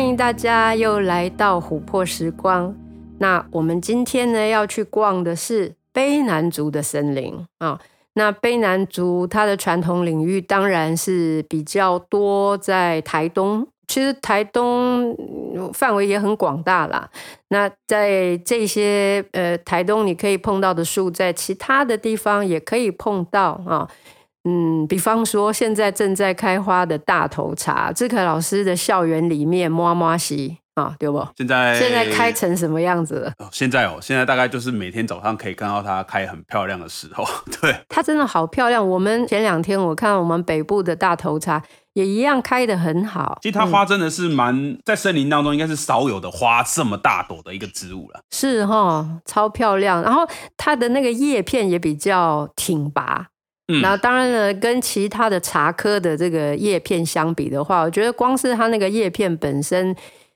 歡迎大家又來到琥珀時光。那我們今天呢要去逛的是卑南族的森林啊、哦。那卑南族他的傳統領域當然是比較多在台東，其實台東範圍也很廣大啦。那在這些呃台東你可以碰到的樹，在其他的地方也可以碰到啊。哦嗯，比方說現在正在開花的大頭茶，智凱老師的校園裡面，摸摸溪啊、哦，對不？現在現在開成什麼樣子了？現在哦，現在大概就是每天早上可以看到它開很漂亮的時候。對，它真的好漂亮。我們前兩天我看我們北部的大頭茶也一樣開得很好。其實它花真的是蠻、嗯、在森林當中應該是少有的花這麼大朵的一個植物了。是哈、哦，超漂亮。然後它的那個葉片也比較挺拔。嗯、那當然了，跟其他的茶科的這個葉片相比的話，我覺得光是它那個葉片本身，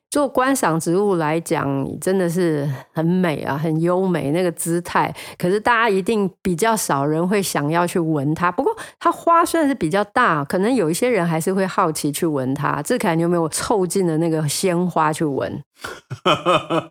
做觀賞植物來講，真的是很美啊，很優美那個姿態。可是大家一定比較少人會想要去聞它。不過它花雖然是比較大，可能有一些人還是會好奇去聞它。智凱，你有沒有湊近的那個鮮花去聞？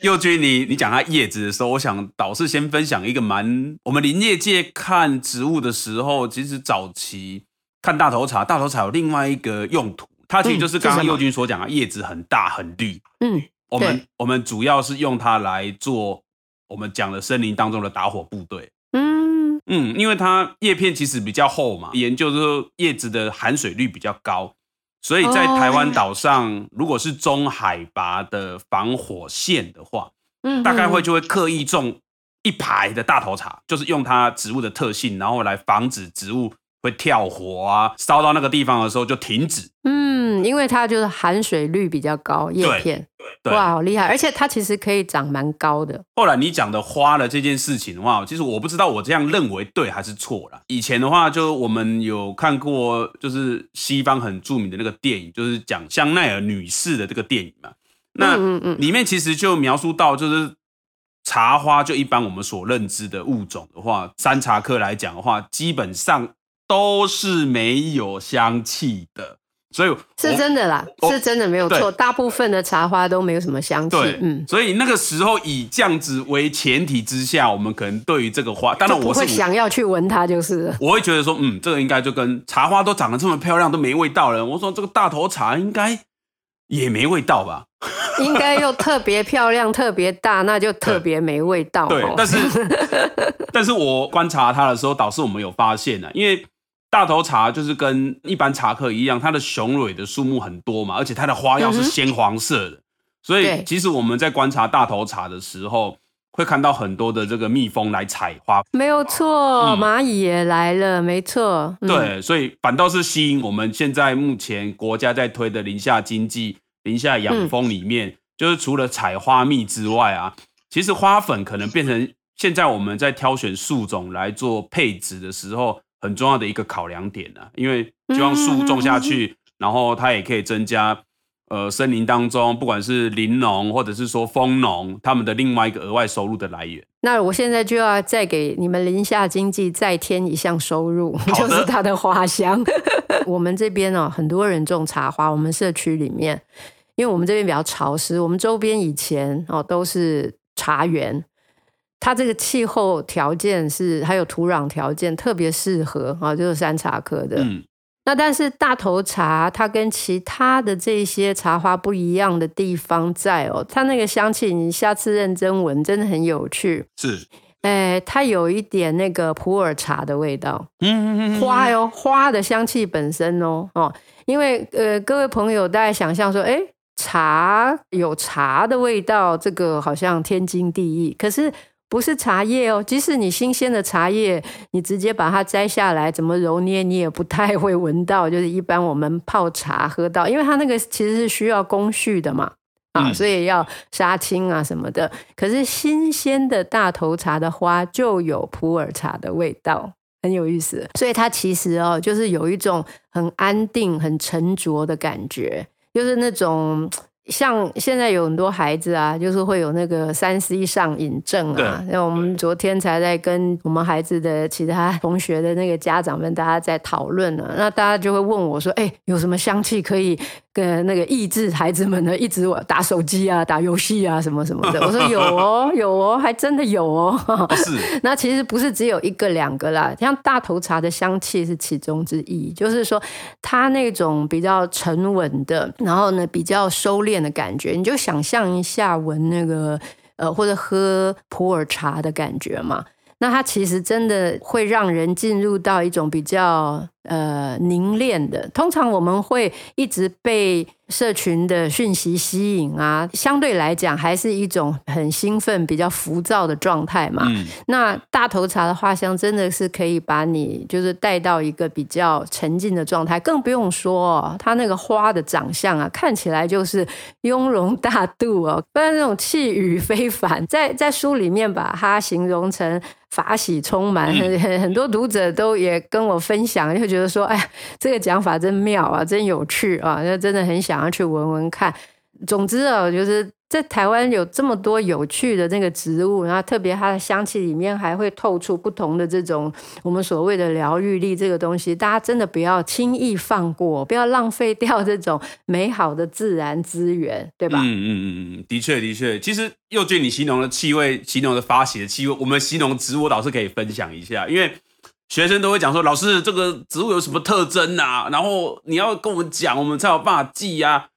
佑君你，你你講它葉子的時候，我想倒是先分享一個蠻，我們林業界看植物的時候，其實早期看大頭茶，大頭茶有另外一個用途，它其實就是剛剛佑君所講的，葉子很大很綠，嗯，我們我們主要是用它來做我們講的森林當中的打火部隊，嗯嗯，因為它葉片其實比較厚嘛，研究就是說葉子的含水率比較高。所以在台灣島上，oh, okay. 如果是中海拔的防火線的話，嗯，大概會就會刻意種一排的大頭茶，就是用它植物的特性，然後來防止植物，會跳火啊，燒到那個地方的時候就停止。嗯，因為它就是含水率比較高，葉片對對對。哇，好厲害！而且它其實可以長蠻高的。後來你講的花的這件事情的話，其實我不知道我這樣認為對還是錯了。以前的話，就我們有看過，就是西方很著名的那個電影，就是講香奈兒女士的這個電影嘛。那嗯嗯，裡面其實就描述到，就是茶花，就一般我們所認知的物種的話，山茶科來講的話，基本上。都是沒有香氣的，所以是真的啦，是真的沒有錯。大部分的茶花都沒有什麼香氣，嗯。所以那個時候以這樣子為前提之下，我們可能對於這個花，當然我是會想要去聞它，就是我，我會覺得說，嗯，這個應該就跟茶花都長得這麼漂亮都沒味道了。我說這個大頭茶應該也沒味道吧？應該又特別漂亮、 特別大，那就特別沒味道。哦，對。對，但是， 但是我觀察它的時候，倒是我們有發現的，因為。大頭茶就是跟一般茶客一樣，它的雄蕊的數目很多嘛，而且它的花藥是鮮黃色的、嗯，所以其實我們在觀察大頭茶的時候，會看到很多的這個蜜蜂來採花粉。沒有錯、嗯，螞蟻也來了，沒錯、嗯。對，所以反倒是吸引我們現在目前國家在推的林下經濟、林下養蜂裡面、嗯，就是除了採花蜜之外啊，其實花粉可能變成現在我們在挑選樹種來做配置的時候。很重要的一個考量點呢、啊，因為希望樹種下去、嗯，然後它也可以增加，呃，森林當中不管是林農或者是說蜂農他們的另外一個額外收入的來源。那我現在就要再給你們林下經濟再添一項收入，就是它的花香。 我們這邊呢、哦，很多人種茶花，我們社區裡面，因為我們這邊比較潮濕，我們周邊以前哦都是茶園。它這個氣候條件是，還有土壤條件特別適合啊、哦，就是山茶科的、嗯。那但是大頭茶它跟其他的這些茶花不一樣的地方在哦，它那個香氣，你下次認真聞，真的很有趣。是，誒它有一點那個普洱茶的味道。嗯嗯嗯。花喲、哦，花的香氣本身哦哦，因為呃，各位朋友大家想象說，誒茶有茶的味道，這個好像天經地義，可是。不是茶葉哦，即使你新鮮的茶葉，你直接把它摘下來，怎麼揉捏，捏你也不太會聞到。就是一般我們泡茶喝到，因為它那個其實是需要工序的嘛，嗯、啊，所以要殺青啊什麼的。可是新鮮的大頭茶的花就有普洱茶的味道，很有意思。所以它其實哦，就是有一種很安定、很沉着的感覺，就是那種。像現在有很多孩子啊，就是會有那個 3C 上癮症啊。那我們昨天才在跟我們孩子的其他同學的那個家長們，大家在討論呢，那大家就會問我說：“哎、欸，有什麼香氣可以跟那個抑制孩子們呢，一直我打手機啊、打遊戲啊什麼什麼的？”我說：“有哦，有哦，還真的有哦。 ”那其實不是只有一個兩個啦，像大頭茶的香氣是其中之一，就是說它那種比較沉穩的，然後呢比較收斂。的感覺，你就想象一下聞那個呃，或者喝普洱茶的感覺嘛。那它其實真的會讓人進入到一種比較，呃，凝練的。通常我們會一直被社群的訊息吸引啊，相對來講還是一種很興奮、比較浮躁的狀態嘛。嗯、那大頭茶的花香真的是可以把你就是帶到一個比較沉靜的狀態，更不用說、哦、它那個花的長相啊，看起來就是雍容大度哦，不然那種氣宇非凡。在在書裡面把它形容成法喜充滿，很、嗯、 很多讀者都也跟我分享。覺得說，哎，這個講法真妙啊，真有趣啊，那真的很想要去聞聞看。總之啊，就是在台灣有這麼多有趣的那個植物，然後特別它的香氣裡面還會透出不同的這種我們所謂的療癒力這個東西，大家真的不要輕易放過，不要浪費掉這種美好的自然資源，對吧？嗯嗯嗯嗯，的確的確，其實又見你形容的氣味，形容的發洩的氣味，我們形容植物，倒是可以分享一下，因為。學生都會講說，老師這個植物有什麼特徵啊？然後你要跟我們講，我們才有辦法記呀、啊。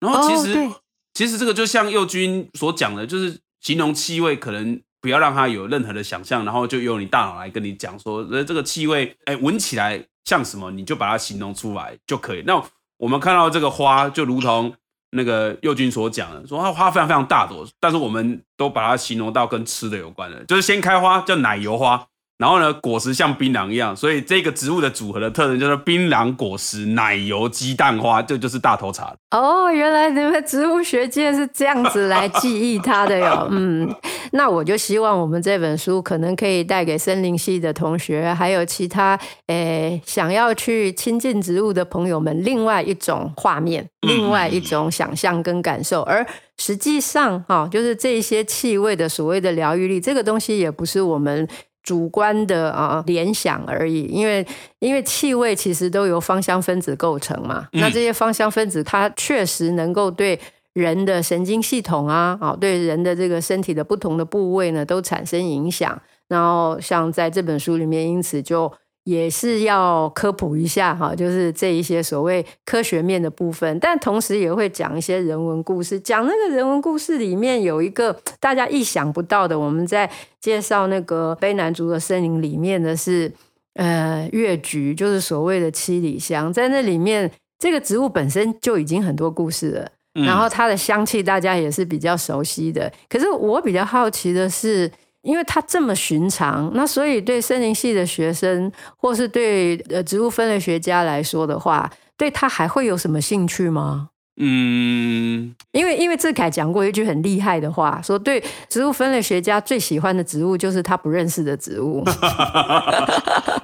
然後其實、oh,，其實這個就像佑君所講的，就是形容氣味，可能不要讓它有任何的想象然後就用你大腦來跟你講說，呃，這個氣味，哎、欸，聞起來像什麼，你就把它形容出來就可以。那我們看到這個花，就如同那個佑君所講的，說它花非常非常大朵，但是我們都把它形容到跟吃的有關的，就是先開花叫奶油花。然後呢，果實像檳榔一樣，所以這個植物的組合的特徵就是檳榔果實、奶油、雞蛋花，這就，就是大頭茶。哦，原來你們植物學界是這樣子來記憶它的喲。 嗯，那我就希望我們這本書可能可以帶給森林系的同學，還有其他誒想要去親近植物的朋友們，另外一種畫面、嗯，另外一種想象跟感受。而實際上，哈、哦，就是這些氣味的所謂的療癒力，這個東西也不是我們。主觀的啊聯想而已，因為因為氣味其實都由芳香分子構成嘛，嗯、那這些芳香分子它確實能夠對人的神經系統啊，啊對人的這個身體的不同的部位呢都產生影響，然後像在這本書裡面，因此就。也是要科普一下哈，就是這一些所謂科學面的部分，但同時也會講一些人文故事。講那個人文故事裡面有一個大家意想不到的，我們在介紹那個卑南族的森林裡面的是呃月橘，就是所謂的七里香。在那裡面，這個植物本身就已經很多故事了，嗯、然後它的香氣大家也是比較熟悉的。可是我比較好奇的是，因為他這麼尋常，那所以對森林系的學生，或是對呃植物分類學家來說的話，對他還會有什麼興趣嗎？嗯，因為因為智凱講過一句很厲害的話，說，對植物分類學家最喜歡的植物就是他不認識的植物。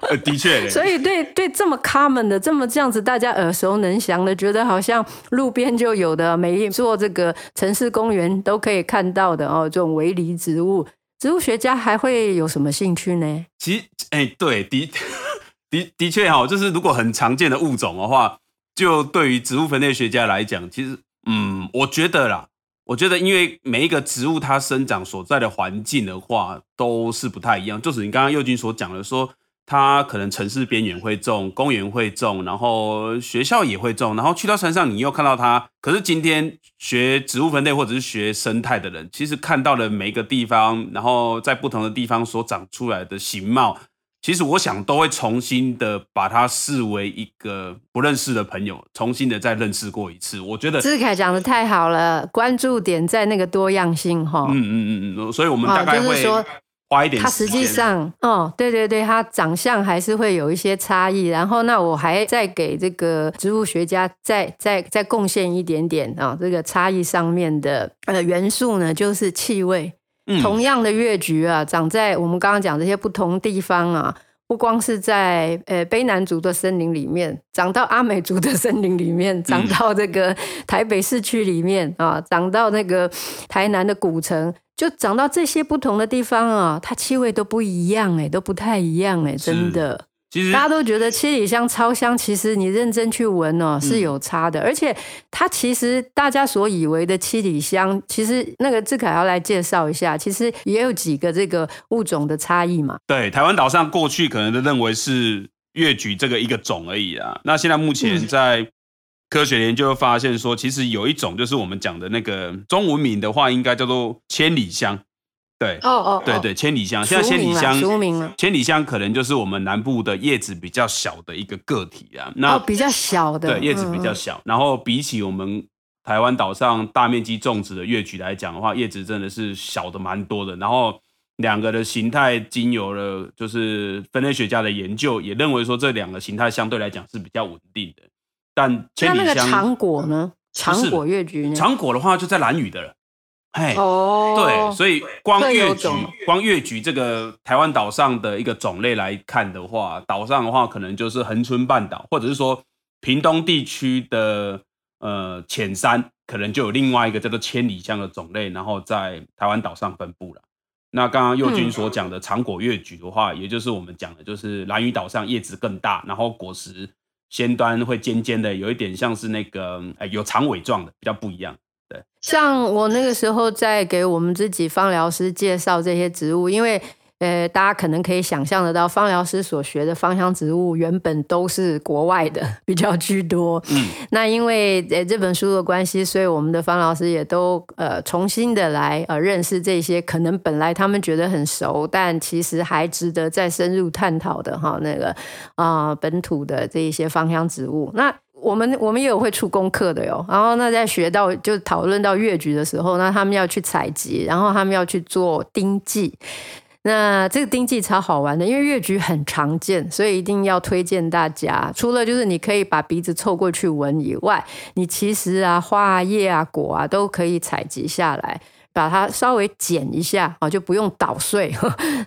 的確，所以對對這麼 common 的這麼這樣子大家耳熟能詳的，覺得好像路邊就有的，每一座這個城市公園都可以看到的哦，這種圍籬植物。植物學家還會有什麼興趣呢？其實，欸，對的，的的確哈，就是如果很常見的物種的話，就對於植物分類學家來講，其實，嗯，我覺得啦，我覺得因為每一個植物它生長所在的環境的話，都是不太一樣。就是你剛剛佑君所講的說。它可能城市邊緣會種，公園會種，然後學校也會種，然後去到山上你又看到它。可是今天學植物分類或者是學生態的人，其實看到了每一個地方，然後在不同的地方所長出來的形貌，其實我想都會重新的把它視為一個不認識的朋友，重新的再認識過一次。我覺得智凱講的太好了，關注點在那個多樣性齁。嗯嗯嗯嗯，所以我們大概會。就是它實際上，哦，對對對，它長相還是會有一些差異。然後，那我還再給這個植物學家再再再貢獻一點點啊，哦，這個差異上面的呃元素呢，就是氣味。同樣的月橘啊，長在我們剛剛講這些不同地方啊。不光是在呃、欸、卑南族的森林裡面，長到阿美族的森林裡面，長到這個台北市區裡面啊，長到那個台南的古城，就長到這些不同的地方啊、哦，它氣味都不一樣誒，都不太一樣誒，真的。其實大家都覺得七里香超香，其實你認真去聞哦，是有差的。嗯、而且它其實大家所以為的七里香，其實那個智凱要來介紹一下，其實也有幾個這個物種的差異嘛。對，台灣島上過去可能都認為是月橘這個一個種而已啊。那現在目前在科學研究發現說，嗯、其實有一種就是我們講的那個中文名的話，應該叫做千里香。對哦,哦哦，對對，千里香。啊、現在千里香、啊，千里香可能就是我們南部的葉子比較小的一個個體啊。那、哦、比較小的對，葉子比較小嗯嗯，然後比起我們台灣島上大面積種植的月橘來講的話，葉子真的是小的蠻多的。然後兩個的形態經由了就是分類學家的研究，也認為說這兩個形態相對來講是比較穩定的。但千里香那個長果呢？長果月橘、嗯、長果的話就在蘭嶼的了。哎，哦，對，所以光越橘，光越橘這個台灣島上的一個種類來看的話，島上的話可能就是恆春半島，或者是說屏東地區的呃淺山，可能就有另外一個叫做千里香的種類，然後在台灣島上分布了。那剛剛右軍所講的長果越橘的話、嗯，也就是我們講的，就是藍魚島上葉子更大，然後果實先端會尖尖的，有一點像是那個哎、呃、有長尾狀的，比較不一樣。像我那個時候在給我們自己芳療師介紹這些植物，因為呃，大家可能可以想象得到，芳療師所學的芳香植物原本都是國外的比較居多。嗯，那因為呃這本書的關係，所以我們的芳老師也都呃重新的來呃認識這些可能本來他們覺得很熟，但其實還值得再深入探討的哈那個啊、呃、本土的這些芳香植物。那我們我們也有會出功課的喲、哦，然後那在學到就討論到月橘的時候，那他們要去採集，然後他們要去做酊劑。那這個酊劑超好玩的，因為月橘很常見，所以一定要推薦大家。除了就是你可以把鼻子湊過去聞以外，你其實啊花啊葉啊果啊都可以採集下來。把它稍微剪一下啊，就不用搗碎，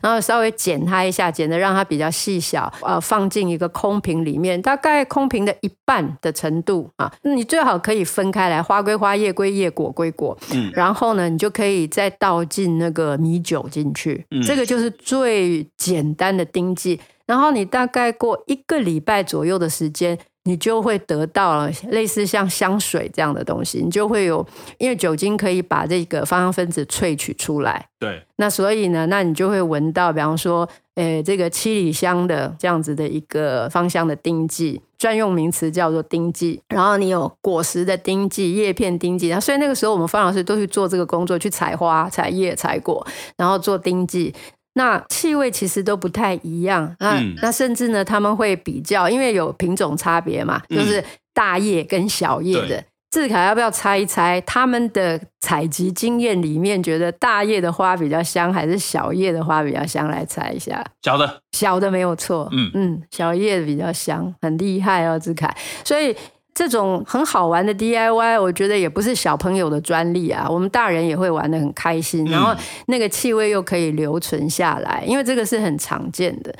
然後稍微剪它一下，剪得讓它比較細小啊，放進一個空瓶裡面，大概空瓶的一半的程度啊。那你最好可以分開來，花歸花，葉歸葉，果歸果。嗯，然後呢，你就可以再倒進那個米酒進去。嗯，這個就是最簡單的酊劑。然後你大概過一個禮拜左右的時間。你就會得到了類似像香水這樣的東西，你就會有，因為酒精可以把這個芳香分子萃取出來。對，那所以呢，那你就會聞到，比方說，誒、欸，這個七里香的這樣子的一個芳香的酊劑，專用名詞叫做酊劑。然後你有果實的酊劑、葉片酊劑。然後所以那個時候，我們方老師都去做這個工作，去採花、採葉、採果，然後做酊劑。那氣味其實都不太一樣啊、嗯。那甚至呢，他們會比較，因為有品種差別嘛、嗯，就是大葉跟小葉的。志凱要不要猜一猜？他們的採集經驗裡面，覺得大葉的花比較香，還是小葉的花比較香？來猜一下。小的，小的沒有錯。嗯嗯，小葉的比較香，很厲害哦、啊，志凱。所以。這種很好玩的 DIY，我覺得也不是小朋友的專利啊，我們大人也會玩得很開心。然後那個氣味又可以留存下來，因為這個是很常見的。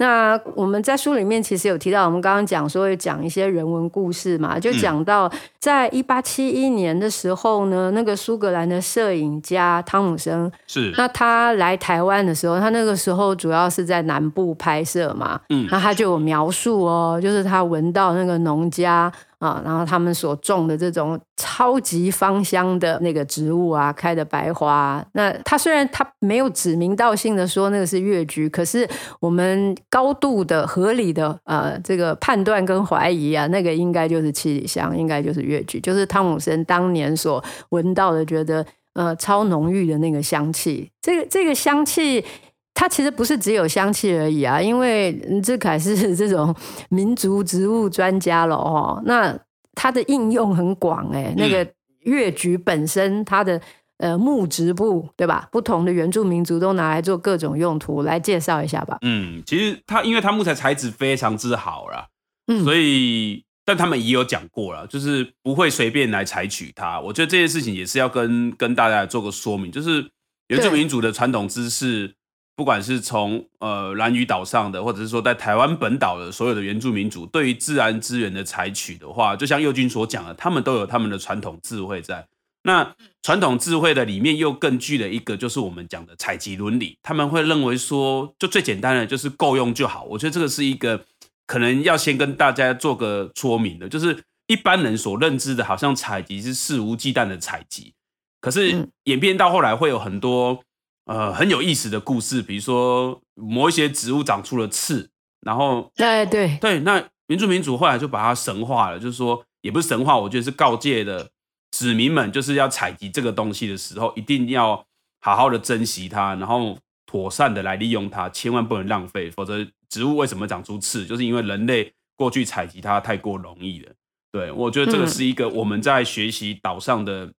那我們在書裡面其實有提到，我們剛剛講說會講一些人文故事嘛，就講到在一八七一年的時候呢，那個蘇格蘭的攝影家湯姆森是，那他來台灣的時候，他那個時候主要是在南部拍攝嘛，嗯，那他就有描述哦，就是他聞到那個農家。啊，然後他們所種的這種超級芳香的那個植物啊，開的白花，啊，那他雖然他沒有指名道姓的說那個是月橘，可是我們高度的合理的呃這個判斷跟懷疑啊，那個應該就是七里香，應該就是月橘，就是湯姆森當年所聞到的，覺得呃超濃郁的那個香氣，這個這個香氣。它其實不是只有香氣而已啊，因為智凱是這種民族植物專家了哦。那它的應用很廣哎、欸，那個月橘本身它的、嗯、呃木質部對吧？不同的原住民族都拿來做各種用途，來介紹一下吧。嗯，其實它因為它木材材質非常之好啦，嗯，所以但他們也有講過了，就是不會隨便來採取它。我覺得這件事情也是要跟跟大家做個說明，就是原住民族的傳統知識。不管是從呃蘭嶼島上的，或者是說在台灣本島的所有的原住民族，對於自然資源的採取的話，就像佑君所講的，他們都有他們的傳統智慧在。那傳統智慧的裡面又更具的一個，就是我們講的採集倫理。他們會認為說，就最簡單的，就是夠用就好。我覺得這個是一個可能要先跟大家做個說明的，就是一般人所認知的，好像採集是肆無忌憚的採集，可是、嗯、演變到後來會有很多，呃，很有意思的故事，比如說某一些植物長出了刺，然後對對對，那民族民族後來就把它神化了，就是說也不是神話，我覺得是告誡的子民們，就是要採集這個東西的時候，一定要好好的珍惜它，然後妥善的來利用它，千萬不能浪費。否則植物為什麼長出刺，就是因為人類過去採集它太過容易了。對，我覺得這個是一個我們在學習島上的、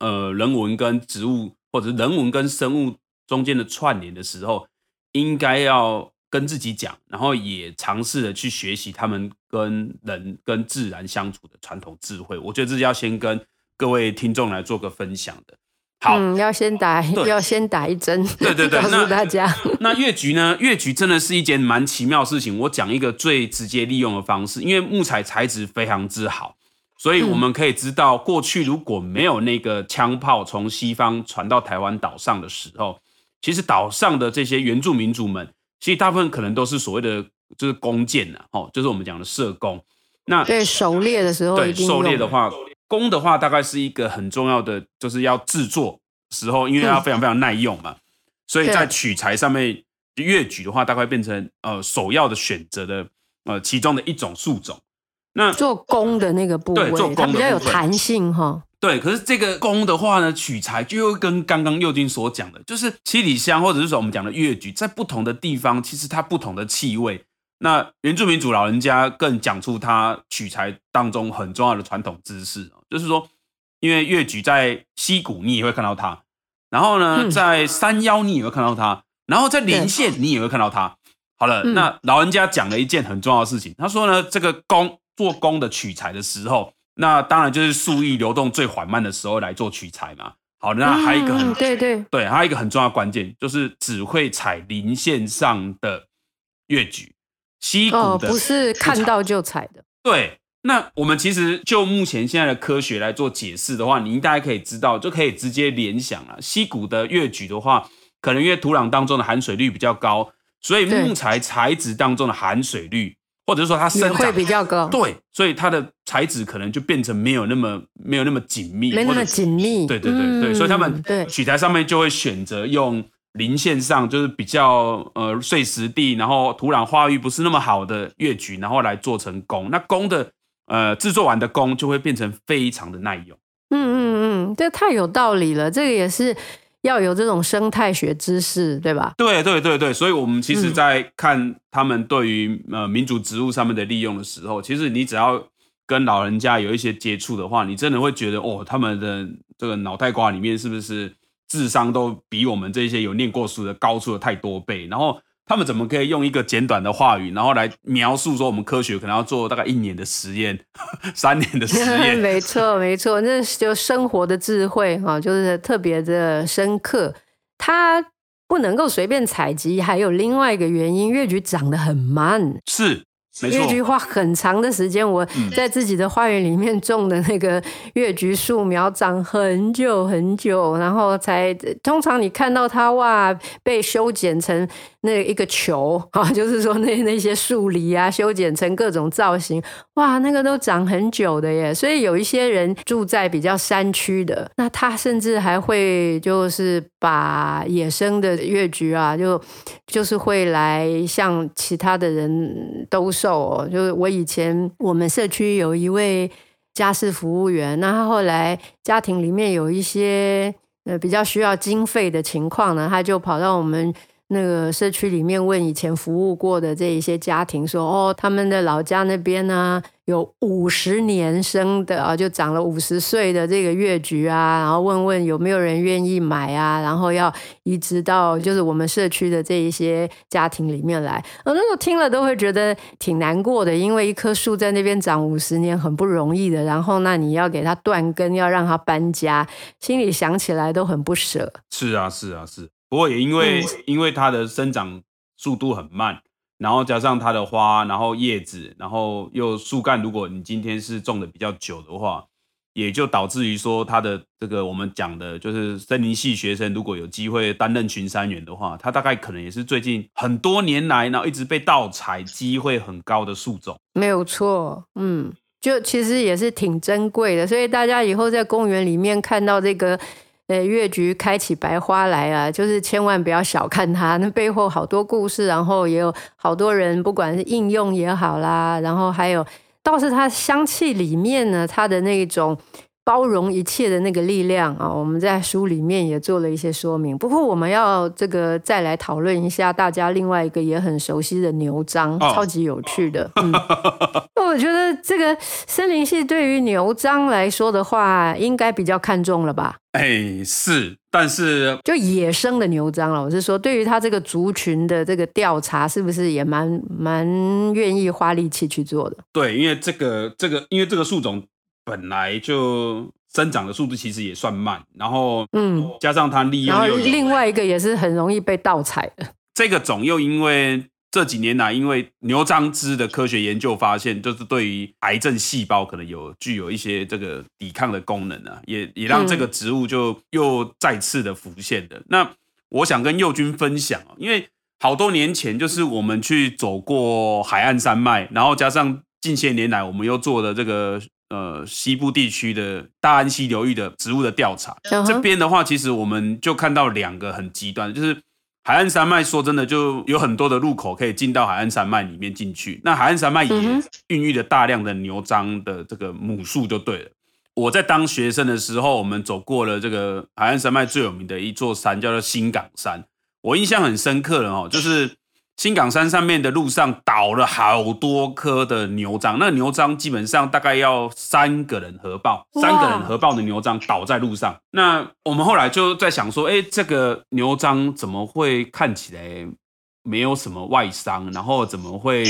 嗯、呃人文跟植物。或者人文跟生物中間的串聯的時候，應該要跟自己講，然後也嘗試著去學習他們跟人跟自然相處的傳統智慧。我覺得這是要先跟各位聽眾來做個分享的。好，嗯、要先打，要先打一針，對。對對對，告訴大家，那月橘呢？月橘真的是一件蠻奇妙的事情。我講一個最直接利用的方式，因為木材材質非常之好。所以我們可以知道，過去如果沒有那個槍炮從西方傳到台灣島上的時候，其實島上的這些原住民族們，其實大部分可能都是所謂的就是弓箭呢，吼，就是我們講的射弓。那對狩獵的時候，對狩獵的話，弓的話大概是一個很重要的，就是要制作時候，因為它非常非常耐用嘛，所以在取材上面，月橘的話大概變成呃首要的選擇的呃其中的一種樹種。那做弓的那個部位，做弓它比較有彈性哈、哦。對，可是這個弓的話呢，取材就又跟剛剛佑君所講的，就是七里香或者是說我們講的月橘，在不同的地方其實它不同的氣味。那原住民族老人家更講出它取材當中很重要的傳統知識哦，就是說，因為月橘在溪谷你也會看到它，然後呢，嗯、在山腰你也會看到它，然後在林線你也會看到它。好了、嗯，那老人家講了一件很重要的事情，他說呢，這個弓。做工的取材的時候，那當然就是樹液流動最緩慢的時候來做取材嘛。好，那還一個很對、嗯、對對，對還有一個很重要的關鍵就是只會採零線上的月橘，溪谷的不、哦，不是看到就採的。對，那我們其實就目前現在的科學來做解釋的話，您大家可以知道就可以直接聯想了。溪谷的月橘的話，可能因為土壤當中的含水率比較高，所以木材材質當中的含水率。或者說它生長會比較高，對，所以它的材質可能就變成沒有那麼沒有那麼緊密，沒那麼緊密，對對對、嗯、對，所以他們取材上面就會選擇用林線上就是比較呃碎石地，然後土壤化育不是那麼好的月橘，然後來做成弓。那弓的呃制作完的弓就會變成非常的耐用。嗯嗯嗯，這太有道理了，這個也是。要有這種生態學知識，對吧？對對對對，所以我們其實，在看他們對於呃民族植物上面的利用的時候，其實你只要跟老人家有一些接觸的話，你真的會覺得哦，他們的這個腦袋瓜裡面是不是智商都比我們這些有念過書的高出了太多倍？然後。他們怎麼可以用一個簡短的話語，然後來描述說我們科學可能要做大概一年的實驗，三年的實驗？沒錯，沒錯，那就是生活的智慧哈，就是特別的深刻。它不能夠隨便採集，還有另外一個原因，越橘長得很慢。是。月橘花很長的時間，我在自己的花園裡面種的那個月橘樹苗長很久很久，然後才通常你看到它哇，被修剪成那個一個球啊，就是說那那些樹籬啊，修剪成各種造型，哇，那個都長很久的耶。所以有一些人住在比較山區的，那他甚至還會就是把野生的月橘啊，就就是會來向其他的人兜售。就是我以前我們社區有一位家事服務員，那他後來家庭裡面有一些呃比較需要經費的情況呢，他就跑到我們。那個社區裡面問以前服務過的這一些家庭說，哦，他們的老家那邊呢，啊，有五十年生的啊，就長了五十歲的這個月橘啊，然後問問有沒有人願意買啊，然後要移植到就是我們社區的這一些家庭裡面來。啊，那我那時候聽了都會覺得挺難過的，因為一棵樹在那邊長五十年很不容易的，然後那你要給它斷根，要讓它搬家，心裡想起來都很不捨。是啊，是啊，是。不過也因為因為它的生長速度很慢，然後加上它的花，然後葉子，然後又樹幹，如果你今天是種的比較久的話，也就導致於說它的這個我們講的就是森林系學生，如果有機會擔任巡山員的話，它大概可能也是最近很多年來，然後一直被盜採機會很高的樹種，沒有錯，嗯，就其實也是挺珍貴的，所以大家以後在公園裡面看到這個。呃，月橘開起白花來啊，就是千萬不要小看它，那背後好多故事，然後也有好多人，不管是應用也好啦，然後還有，倒是它香氣裡面呢，它的那一種。包容一切的那個力量啊！我們在書裡面也做了一些說明。不過，我們要這個再來討論一下，大家另外一個也很熟悉的牛樟，哦，超級有趣的。那、哦嗯、 我覺得這個森林系對於牛樟來說的話，應該比較看重了吧？哎，是，但是就野生的牛樟，老師說，對於他這個族群的這個調查，是不是也蠻蠻願意花力氣去做的？對，因為這個這個，因為這個樹種。本來就生長的速度其實也算慢，然後嗯，加上它利用，也利用，另外一個也是很容易被盜採的。這個種又因為這幾年來，因為牛樟芝的科學研究發現，就是對於癌症細胞可能有具有一些這個抵抗的功能啊，也也讓這個植物就又再次的浮現的、嗯。那我想跟佑君分享，因為好多年前就是我們去走過海岸山脈，然後加上近些年來我們又做了這個。呃，西部地區的大安溪流域的植物的調查，uh -huh. 這邊的話，其實我們就看到兩個很極端，就是海岸山脈。說真的，就有很多的入口可以進到海岸山脈裡面進去。那海岸山脈也孕育了大量的牛樟的這個母樹，就對了。Uh -huh. 我在當學生的時候，我們走過了這個海岸山脈最有名的一座山，叫做新港山。我印象很深刻的哦，就是新港山上面的路上倒了好多棵的牛樟。那牛樟基本上大概要三個人合抱，三個人合抱的牛樟倒在路上。那我們後來就在想說，哎、欸，這個牛樟怎麼會看起來沒有什麼外傷，然後怎麼會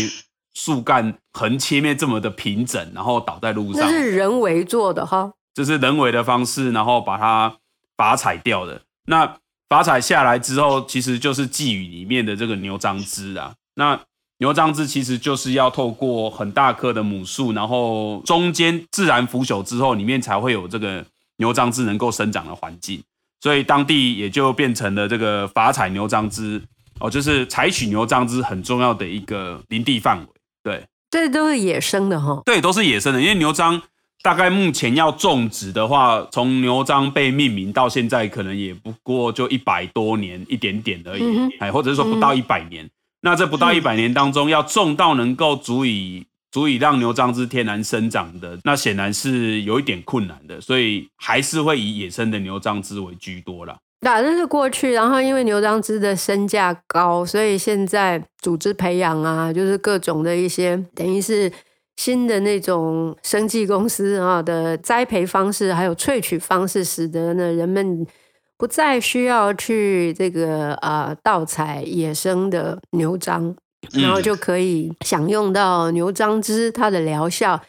樹幹橫切面這麼的平整，然後倒在路上？這是人為做的哈，就是人為的方式，然後把它把它踩掉的。那法採下來之後，其實就是寄語裡面的這個牛樟枝啊。那牛樟枝其實就是要透過很大棵的母樹，然後中間自然腐朽之後，裡面才會有這個牛樟枝能夠生長的環境。所以當地也就變成了這個法採牛樟枝。哦，就是採取牛樟枝很重要的一個林地範圍。對，這都是野生的哈、哦。對，都是野生的，因為牛樟。大概目前要種植的話，從牛樟被命名到現在，可能也不過就一百多年一點點而已，嗯，或者是說不到一百年，嗯。那這不到一百年當中，要種到能夠足以足以讓牛樟芝天然生長的，那顯然是有一點困難的，所以還是會以野生的牛樟芝為居多啦。那、啊、那是過去，然後因為牛樟芝的身價高，所以現在組織培養啊，就是各種的一些，等於是。新的那種生技公司啊的栽培方式，還有萃取方式，使得呢人們不再需要去這個啊盜採野生的牛樟，然後就可以享用到牛樟汁它的療效。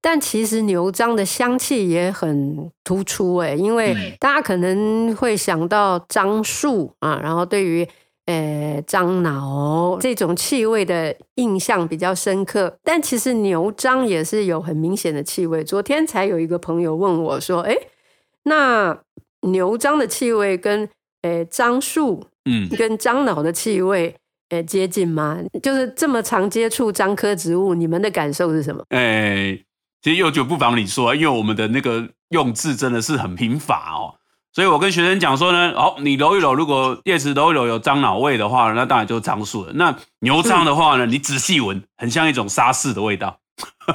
但其實牛樟的香氣也很突出哎、欸，因為大家可能會想到樟樹啊，然後對於。呃、欸，樟腦、哦，這種氣味的印象比較深刻，但其實牛樟也是有很明顯的氣味。昨天才有一個朋友問我說：“哎、欸，那牛樟的氣味跟呃樟樹，嗯、欸，跟樟腦的氣味呃、欸、接近嗎、嗯？”就是這麼常接觸樟科植物，你們的感受是什麼？哎、欸，其實又就不妨你說、啊，因為我們的那個用字真的是很貧乏哦。所以我跟學生講說呢，哦，你揉一揉，如果葉子揉一揉有樟腦味的話，那當然就樟樹了。那牛樟的話呢，嗯、你仔細聞，很像一種沙士的味道。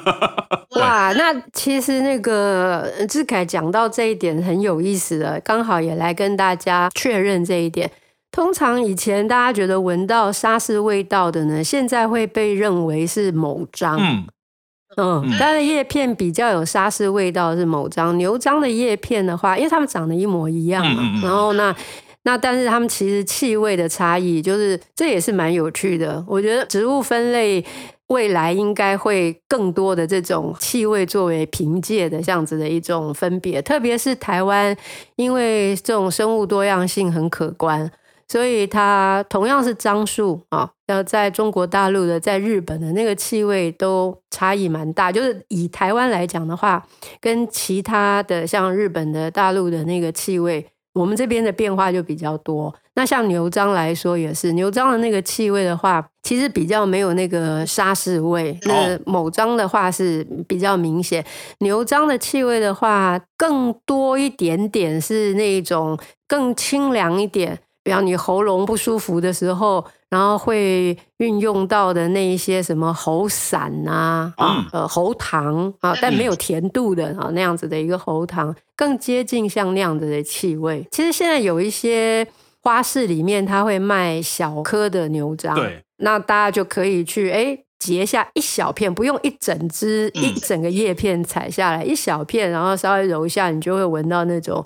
哇，那其實那個志凱講到這一點很有意思的，剛好也來跟大家確認這一點。通常以前大家覺得聞到沙士味道的呢，現在會被認為是冇樟。嗯。嗯，它的葉片比較有沙士味道是冇樟。牛樟的葉片的話，因為它們長得一模一樣嘛，然後那那但是它們其實氣味的差異，就是這也是蠻有趣的。我覺得植物分類未來應該會更多的這種氣味作為憑借的這樣子的一種分別，特別是台灣，因為這種生物多樣性很可觀。所以它同樣是樟樹啊，要、哦、在中國大陸的，在日本的那個氣味都差異蠻大。就是以台灣來講的話，跟其他的像日本的、大陸的那個氣味，我們這邊的變化就比較多。那像牛樟來說也是，牛樟的那個氣味的話，其實比較沒有那個沙士味。那個、冇樟的話是比較明顯，嗯、牛樟的氣味的話，更多一點點是那種更清涼一點。比方你喉嚨不舒服的時候，然後會運用到的那一些什麼喉散啊，呃，喉糖啊，但沒有甜度的啊，那樣子的一個喉糖，更接近像那樣子的氣味。其實現在有一些花市裡面，他會賣小顆的牛樟，對，那大家就可以去哎、欸，截下一小片，不用一整支一整個葉片採下來、嗯、一小片，然後稍微揉一下，你就會聞到那種。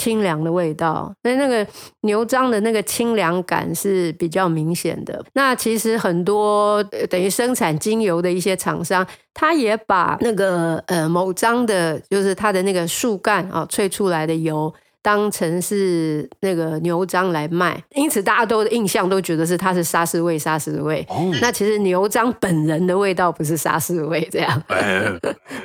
清涼的味道，所以那個牛樟的那個清涼感是比較明顯的。那其實很多、呃、等於生產精油的一些廠商，他也把那個呃冇樟的，就是它的那個樹幹啊、哦、萃出來的油。當成是那個牛樟來賣，因此大家都印象都覺得是它是沙士味，沙士味，哦。那其實牛樟本人的味道不是沙士味，這樣，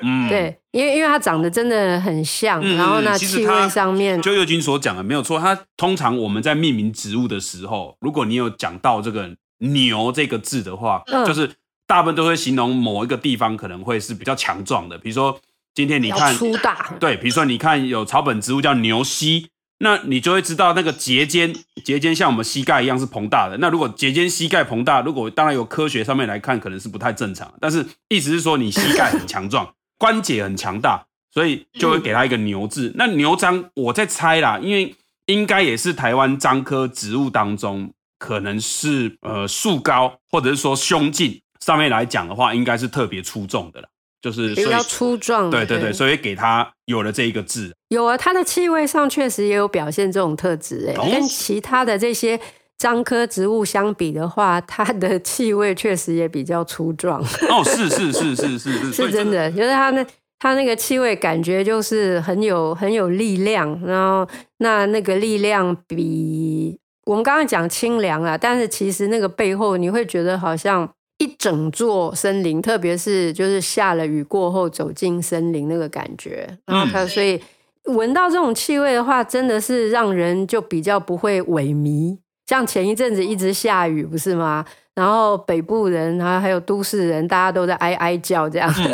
嗯。 對，因為因為它長得真的很像，嗯，然後呢氣味上面，就佑君所講的沒有錯。它通常我們在命名植物的時候，如果你有講到這個牛這個字的話，嗯，就是大部分都會形容某一個地方可能會是比較強壯的，比如說。今天你看，粗大，對，比如說你看有草本植物叫牛膝，那你就會知道那個節間，節間像我們膝蓋一樣是膨大的。那如果節間膝蓋膨大，如果當然有科學上面來看可能是不太正常，但是意思是說你膝蓋很強壯， 關節很強大，所以就會給它一個牛字。嗯。那牛樟，我在猜啦，因為應該也是台灣樟科植物當中，可能是呃樹高或者是說胸徑上面來講的話，應該是特別出眾的啦。就是比較粗壯，對對對，所以給它有了這一個字。有啊，它的氣味上確實也有表現這種特質，哎，跟其他的這些樟科植物相比的話，它的氣味確實也比較粗壯。哦，是是是是是是，是， 是真的，就是它那它那個氣味感覺就是很有很有力量，然後那那個力量比我們剛剛講清涼啊，但是其實那個背後你會覺得好像。一整座森林，特別是就是下了雨過後走進森林那個感覺，嗯、然後所以聞到這種氣味的話，真的是讓人就比較不會萎靡。像前一陣子一直下雨不是嗎？然後北部人還還有都市人，大家都在哀哀叫這樣子。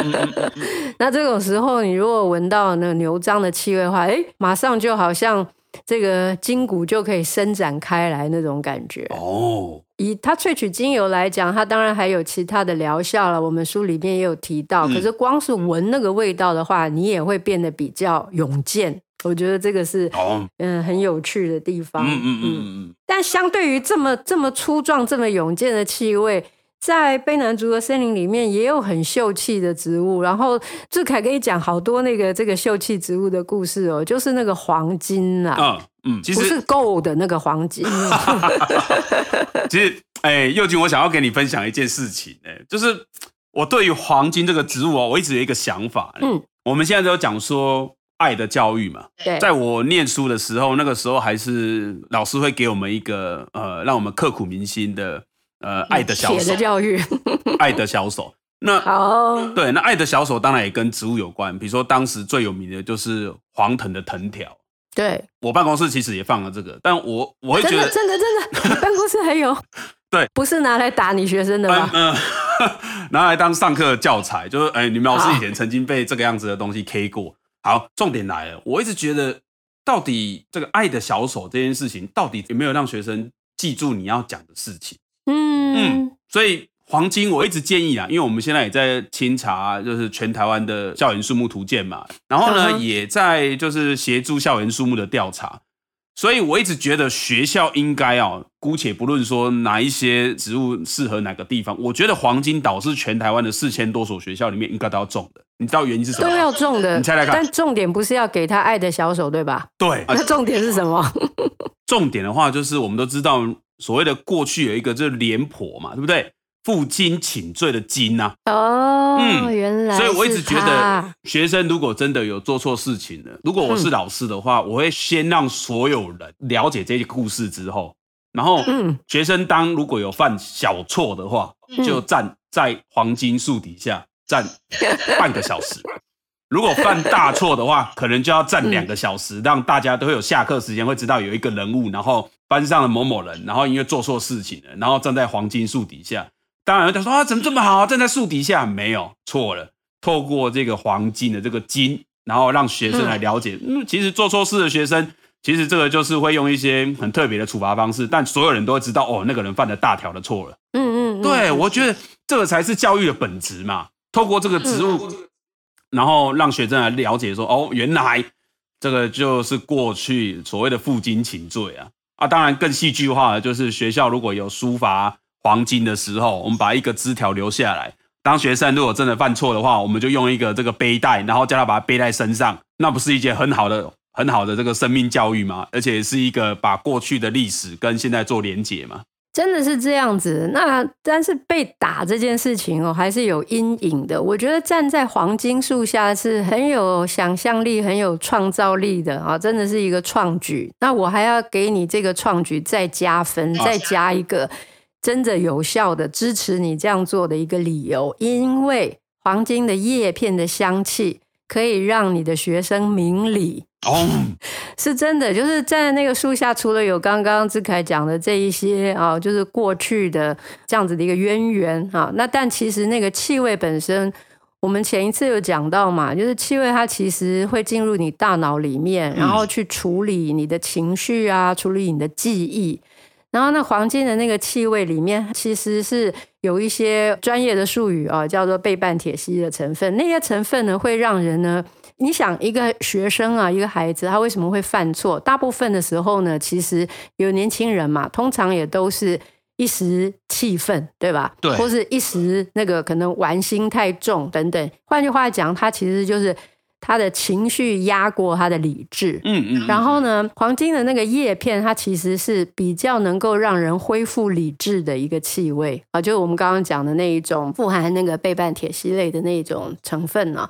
嗯、 那這種時候，你如果聞到那個牛樟的氣味的話，誒、欸，馬上就好像這個筋骨就可以伸展開來那種感覺哦。以它萃取精油來講，它當然還有其他的療效了。我們書裡面也有提到，可是光是聞那個味道的話，你也會變得比較勇健。我覺得這個是、哦，嗯，很有趣的地方。嗯嗯嗯，嗯，但相對於這麼這麼粗壯、這麼勇健的氣味。在卑南族的森林裡面，也有很秀氣的植物。然後智凱可以講好多那個這個秀氣植物的故事哦，就是那個黃荊啊，嗯嗯，其實不是 gold 的那個黃金。 其實，哎，佑君，我想要跟你分享一件事情，哎，就是我對於黃荊這個植物啊，哦，我一直有一個想法。嗯，我們現在都講說愛的教育嘛。對，在我念書的時候，那個時候還是老師會給我們一個呃，讓我們刻苦銘心的。呃，愛的小手，鐵的教育。 愛的小手，那好，哦，對，那愛的小手當然也跟植物有關。比如說，當時最有名的就是黃藤的藤條。對，我辦公室其實也放了這個，但我我會覺得，真的真的，真的辦公室還有， 對，不是拿來打你學生的吧？呃呃，拿來當上課教材，就是哎，你們老師以前曾經被這個樣子的東西 K 過，啊。好，重點來了，我一直覺得，到底這個愛的小手這件事情，到底有沒有讓學生記住你要講的事情？嗯嗯，所以黃荊我一直建議啊，因為我們現在也在清查，就是全台灣的校園樹木圖鑑嘛。然後呢，嗯、也在就是協助校園樹木的調查。所以我一直覺得學校應該哦、喔，姑且不論說哪一些植物適合哪個地方，我覺得黃荊倒是全台灣的四千多所學校裡面應該都要種的。你知道原因是什麼？都要種的，猜猜猜猜，但重點不是要給他愛的小手，對吧？對。那重點是什麼？啊、重點的話就是我們都知道。所謂的過去有一個就是廉頗嘛，對不對？負荊請罪的荊吶、啊。哦，嗯、原來。所以我一直覺得，學生如果真的有做錯事情了，如果我是老師的話、嗯，我會先讓所有人了解這些故事之後，然後學生當如果有犯小錯的話，嗯、就站在黃荊樹底下站半個小時。 如果犯大錯的話，可能就要站兩個小時，讓大家都會有下課時間，會知道有一個人物，然後班上的某某人，然後因為做錯事情了，然後站在黃金樹底下。當然，他說啊，怎麼這麼好，站在樹底下，沒有錯了。透過這個黃金的這個金，然後讓學生來了解，嗯，嗯，其實做錯事的學生，其實這個就是會用一些很特別的處罰方式，但所有人都會知道哦，那個人犯了大條的錯了。嗯嗯，對，我覺得這個才是教育的本質嘛。透過這個植物。嗯嗯然後讓學生來了解說，哦，原來這個就是過去所謂的負荊請罪啊啊！當然更戲劇化的就是學校如果有疏伐黃荊的時候，我們把一個枝條留下來；當學生如果真的犯錯的話，我們就用一個這個背帶，然後叫他把它背在身上，那不是一件很好的、很好的這個生命教育嗎？而且是一個把過去的歷史跟現在做連結嘛。真的是這樣子，那但是被打這件事情哦、喔，還是有陰影的。我覺得站在黃金樹下是很有想象力、很有創造力的啊、喔，真的是一個創舉。那我還要給你這個創舉再加分，再加一個真的有效的支持你這樣做的一個理由，因為黃金的葉片的香氣可以讓你的學生明理。哦、oh.，是真的，就是在那個樹下，除了有剛剛志凱講的這一些啊、哦，就是過去的這樣子的一個淵源哈、哦，那但其實那個氣味本身，我們前一次有講到嘛，就是氣味它其實會進入你大腦裡面，然後去處理你的情緒啊，嗯、處理你的記憶。然後那黃荊的那個氣味裡面，其實是有一些專業的術語啊、哦，叫做倍半萜烯的成分，那些成分呢會讓人呢。你想一個學生啊，一個孩子，他為什麼會犯錯？大部分的時候呢，其實有年輕人嘛，通常也都是一時氣憤，對吧？對，或是一時那個可能玩心太重等等。換句話講，他其實就是他的情緒壓過他的理智。嗯嗯，嗯。然後呢，黃荊的那個葉片，它其實是比較能夠讓人恢復理智的一個氣味啊，就是我們剛剛講的那一種富含那個倍半萜類的那一種成分啊，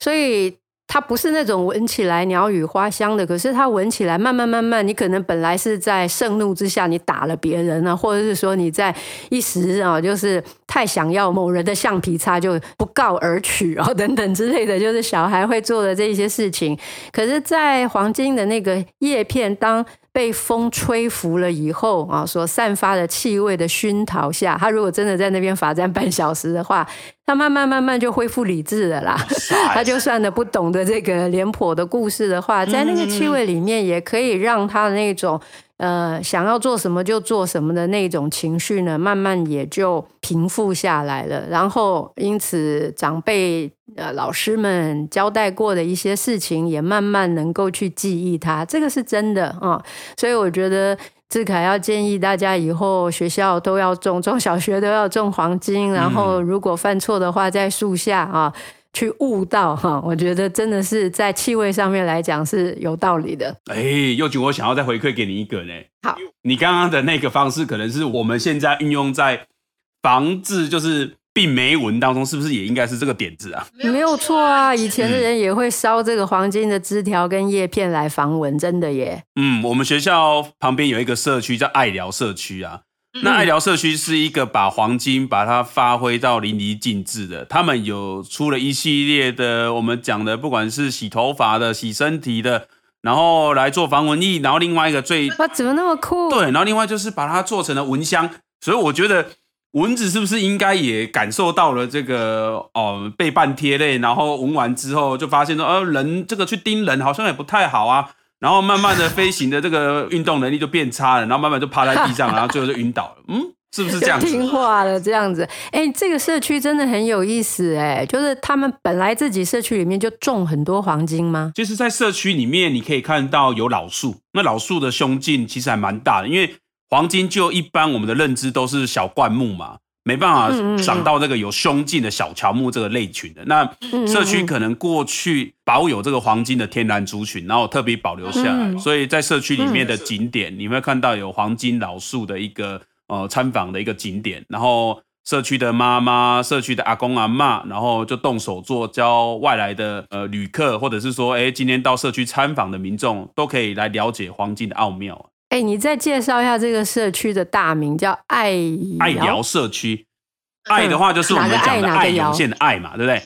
所以。它不是那種聞起來鳥語花香的，可是它聞起來慢慢慢慢，你可能本來是在盛怒之下，你打了別人啊，或者是說你在一時啊，就是太想要某人的橡皮擦就不告而取啊，等等之類的，就是小孩會做的這些事情。可是，在黃荊的那個葉片當。被風吹拂了以後啊，所散發的氣味的熏陶下，他如果真的在那邊罰站半小時的話，他慢慢慢慢就恢復理智了啦。 他就算了不懂得這個廉頗的故事的話，在那個氣味裡面也可以讓他的那種。呃，想要做什麼就做什麼的那種情緒呢，慢慢也就平復下來了。然後，因此長輩、呃，老師們交代過的一些事情，也慢慢能夠去記憶它。這個是真的啊、哦。所以，我覺得智凱要建議大家以後學校都要種，中小學都要種黃荊。然後，如果犯錯的話，在樹下啊。哦去悟到，哈，我覺得真的是在氣味上面來講是有道理的。哎，佑君，我想要再回饋給你一個呢。好，你剛剛的那個方式可能是我們現在運用在防治就是病媒蚊當中，是不是也應該是這個點子啊？沒有錯啊，以前的人也會燒這個黃荊的枝條跟葉片來防蚊，真的耶。嗯，我們學校旁邊有一個社區叫愛聊社區啊。那愛聊社區是一個把黃荊把它發揮到淋漓盡致的，他們有出了一系列的，我們講的不管是洗頭髮的、洗身體的，然後來做防蚊液，然後另外一個最哇、啊、怎麼那麼酷？對，然後另外就是把它做成了蚊香，所以我覺得蚊子是不是應該也感受到了這個哦倍半萜類，然後聞完之後就發現說，哦、啊，人這個去叮人好像也不太好啊。然後慢慢的飛行的這個運動能力就變差了，然後慢慢就趴在地上，然後最後就暈倒了。嗯，是不是這樣子？聽話了，這樣子。誒，這個社區真的很有意思。誒，就是他們本來自己社區裡面就種很多黃荊嗎？就是在社區裡面，你可以看到有老樹，那老樹的胸徑其實還蠻大的，因為黃荊就一般我們的認知都是小灌木嘛。沒辦法長到這個有胸徑的小喬木這個類群的，那社區可能過去保有這個黃荊的天然族群，然後特別保留下來，所以在社區裡面的景點，你會看到有黃荊老樹的一個呃參訪的一個景點。然後社區的媽媽、社區的阿公阿嬤，然後就動手做，教外來的呃旅客，或者是說，哎，今天到社區參訪的民眾，都可以來了解黃荊的奧妙。哎，你再介紹一下這個社區的大名叫隘隘寮社區。隘的話就是我們講的隘勇線，的隘嘛，對不對？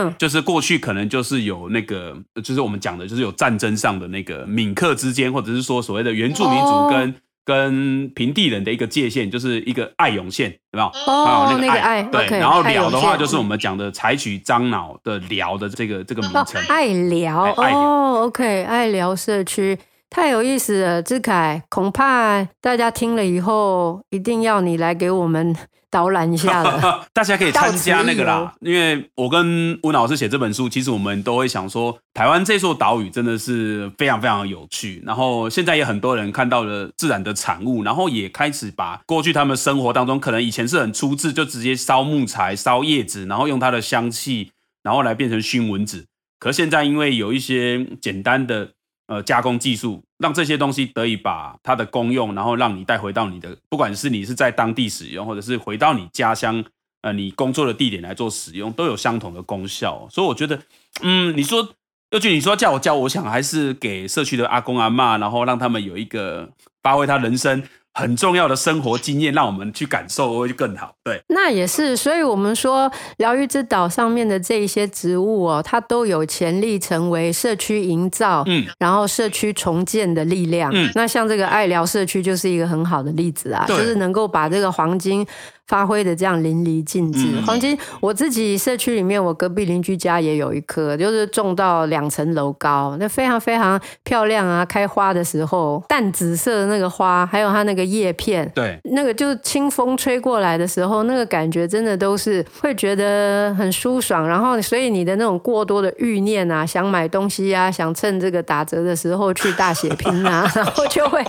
嗯，就是過去可能就是有那個，就是我們講的，就是有戰爭上的那個閩客之間，或者是說所謂的原住民族跟、哦、跟平地人的一個界限，就是一個隘勇線，對吧？哦，那個隘、那個、對，對。然後聊的話就是我們講的採取樟腦的聊的這個這個名稱，隘、嗯、寮哦，OK，隘寮社區。太有意思了，智凱，恐怕大家聽了以後，一定要你來給我們導覽一下了。 大家可以參加那個啦，因為我跟溫老師寫這本書，其實我們都會想說，台灣這座島嶼真的是非常非常有趣。然後現在也很多人看到了自然的產物，然後也開始把過去他們生活當中可能以前是很粗制，就直接燒木材、燒葉子，然後用它的香氣，然後來變成熏蚊子。可現在因為有一些簡單的。呃，加工技術讓這些東西得以把它的功用，然後讓你帶回到你的，不管是你是在當地使用，或者是回到你家鄉，呃，你工作的地點來做使用，都有相同的功效哦。所以我覺得，嗯，你說又俊，你說叫我教，我想還是給社區的阿公阿嬤，然後讓他們有一個發揮他人生。很重要的生活經驗，讓我們去感受會更好。對，那也是。所以我們說，療癒之島上面的這一些植物哦，它都有潛力成為社區營造，嗯，然後社區重建的力量。嗯，那像這個愛療社區就是一個很好的例子啊，嗯，就是能夠把這個黃金。發揮的這樣淋漓盡致。黃荊，我自己社區裡面，我隔壁鄰居家也有一棵，就是種到兩層樓高，那非常非常漂亮啊！開花的時候，淡紫色的那個花，還有它那個葉片，對，那個就是清風吹過來的時候，那個感覺真的都是會覺得很舒爽。然後，所以你的那種過多的欲念啊，想買東西啊，想趁這個打折的時候去大血拼啊， 然後就會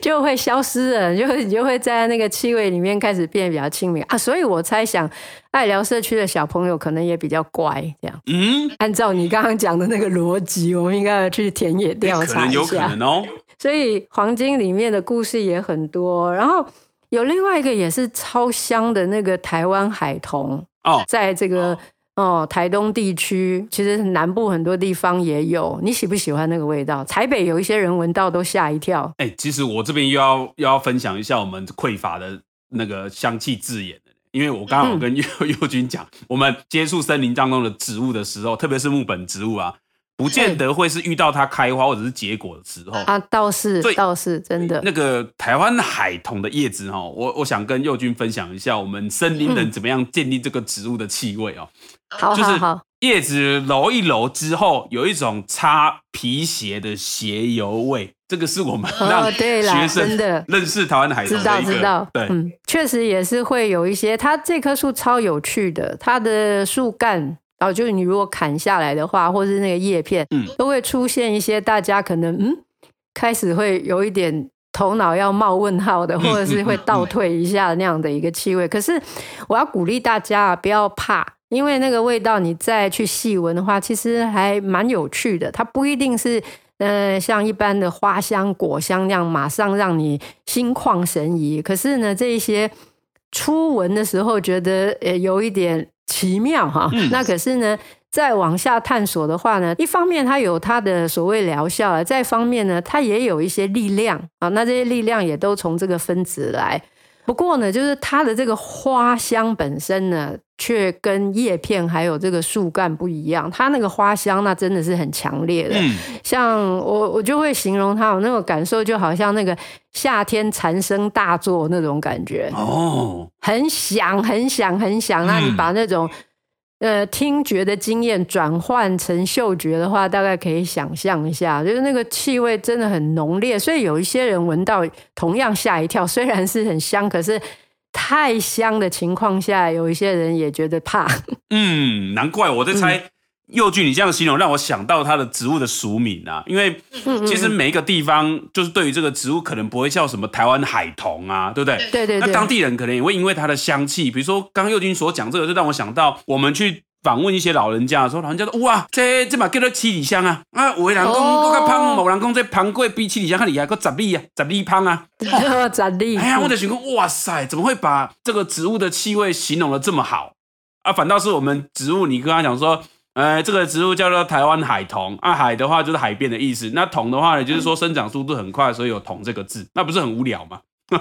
就會消失了，就你就會在那個氣味裡面開始變表。清明啊，所以我猜想，愛聊社區的小朋友可能也比較乖，這樣。嗯，按照你剛剛講的那個邏輯，我們應該去田野調查、欸、可能有可能哦。所以黃荊裡面的故事也很多，然後有另外一個也是超香的那個台灣海桐哦，在這個哦，哦台東地區，其實南部很多地方也有。你喜不喜歡那個味道？台北有一些人聞到都嚇一跳。哎、欸，其實我這邊又要又要分享一下我們匱乏的。那個香氣自演的，因為我剛剛跟佑佑君講、嗯，我們接觸森林當中的植物的時候，特別是木本植物啊，不見得會是遇到它開花或者是結果的時候、嗯、啊，倒是，對，倒是真的。那個台灣海桐的葉子哈，我我想跟佑君分享一下，我們森林人怎麼樣鑑定這個植物的氣味哦、嗯好好好，就是葉子揉一揉之後，有一種擦皮鞋的鞋油味。這個是我們讓、哦、對學生的認識台灣海桐。知道，知道。對、嗯，確實也是會有一些。它這棵樹超有趣的，它的樹幹，然、哦、後就是你如果砍下來的話，或是那個葉片，嗯、都會出現一些大家可能嗯，開始會有一點頭腦要冒問號的，或者是會倒退一下那樣的一個氣味。嗯嗯嗯、可是我要鼓勵大家啊，不要怕，因為那個味道你再去細聞的話，其實還蠻有趣的。它不一定是。呃，像一般的花香、果香那樣，馬上讓你心曠神怡。可是呢，這一些初聞的時候，覺得呃有一點奇妙哈、哦嗯。那可是呢，再往下探索的話呢，一方面它有它的所謂療效，再再一方面呢，它也有一些力量啊、哦。那這些力量也都從這個分子來。不過呢，就是它的這個花香本身呢，卻跟葉片還有這個樹幹不一樣。它那個花香，那真的是很強烈的。嗯，像我我就會形容它，有那種感受，就好像那個夏天蟬聲大作那種感覺哦，很響很響很響，嗯。那你把那種。呃，聽覺的經驗轉換成嗅覺的話，大概可以想象一下，就是那個氣味真的很濃烈，所以有一些人聞到同樣嚇一跳。雖然是很香，可是太香的情況下，有一些人也覺得怕。嗯，難怪我在猜。嗯。佑君，你這樣形容，讓我想到它的植物的俗名啊。因為其實每一個地方，就是對於這個植物，可能不會叫什麼台灣海桐啊，對不對？對，對對。那當地人可能也會因為它的香氣，比如說剛剛佑君所講這個，就讓我想到我們去訪問一些老人家的時候，老人家說：“哇，這這把叫做七里香啊啊，有人講更加香，某、哦、人講這香過比七里香還厲害，擱十里啊，十里香啊，十里。」哎呀，我就想說哇塞，怎麼會把這個植物的氣味形容的這麼好啊？反倒是我們植物，你剛剛講說。呃，這個植物叫做臺灣海桐。那、啊“海”的話就是海邊的意思，那“桐”的話呢，呢就是說生長速度很快，嗯、所以有“桐”這個字，那不是很無聊嗎？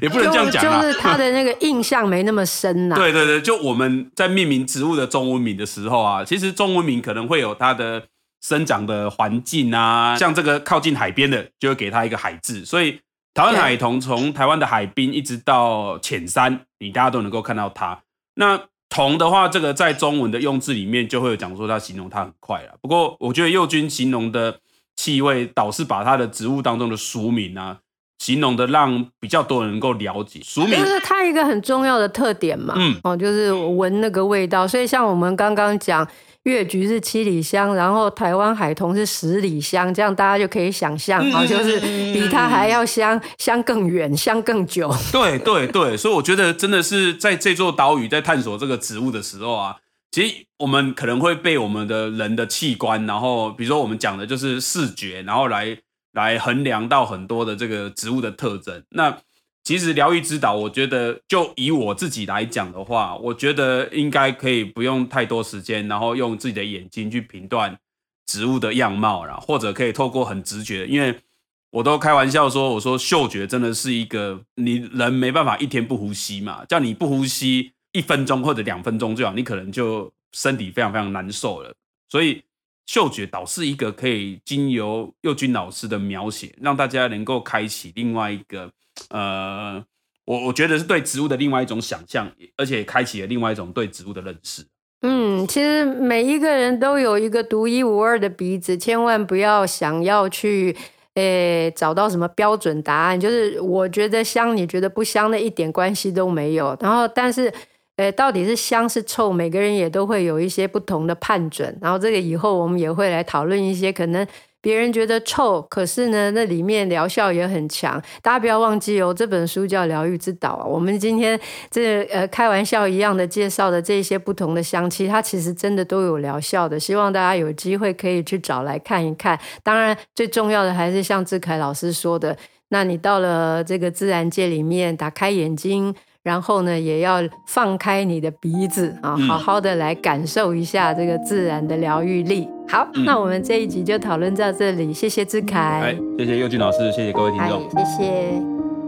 也不能這樣講、啊、就，就是他的那個印象沒那麼深吶、啊。 對對對，就我們在命名植物的中文名的時候啊，其實中文名可能會有它的生長的環境啊，像這個靠近海邊的，就會給它一個“海”字。所以臺灣海桐從臺灣的海濱一直到淺山，你大家都能夠看到它。那。同的話，這個在中文的用字裡面就會有講說它形容它很快了。不過我覺得幼君形容的氣味，倒是把它的植物當中的俗名啊，形容的讓比較多人能夠了解。俗名就是它一個很重要的特點嘛。嗯，哦，就是聞那個味道。所以像我們剛剛講。月橘是七里香，然後台灣海桐是十里香，這樣大家就可以想象啊、嗯，就是比它還要香，香更遠，香更久。對對對，所以我覺得真的是在這座島嶼在探索這個植物的時候啊，其實我們可能會被我們的人的器官，然後比如說我們講的就是視覺，然後來來衡量到很多的這個植物的特徵。那其實療癒之島，我覺得就以我自己來講的話，我覺得應該可以不用太多時間，然後用自己的眼睛去評斷植物的樣貌，然後或者可以透過很直覺，因為我都開玩笑說，我說嗅覺真的是一個你人沒辦法一天不呼吸嘛，叫你不呼吸一分鐘或者兩分鐘，最好你可能就身體非常非常難受了，所以。嗅覺倒是一個可以經由佑君老師的描寫，讓大家能夠開啟另外一個，呃，我我覺得是對植物的另外一種想象，而且也開啟了另外一種對植物的認識。嗯，其實每一個人都有一個獨一無二的鼻子，千萬不要想要去，誒、欸，找到什麼標準答案。就是我覺得香，你覺得不香的，一點關係都沒有。然後，但是。哎，到底是香是臭？每個人也都會有一些不同的判準。然後，這個以後我們也會來討論一些可能別人覺得臭，可是呢，那裡面療效也很強。大家不要忘記哦，這本書叫《療癒之島》啊。我們今天這呃開玩笑一樣的介紹的這些不同的香氣，它其實真的都有療效的。希望大家有機會可以去找來看一看。當然，最重要的還是像智凱老師說的，那你到了這個自然界裡面，打開眼睛。然後呢，也要放開你的鼻子啊，好好的來感受一下這個自然的療癒力。好，那我們這一集就討論到這裡，謝謝智凱、嗯嗯，謝謝佑君老師，謝謝各位聽眾，謝謝。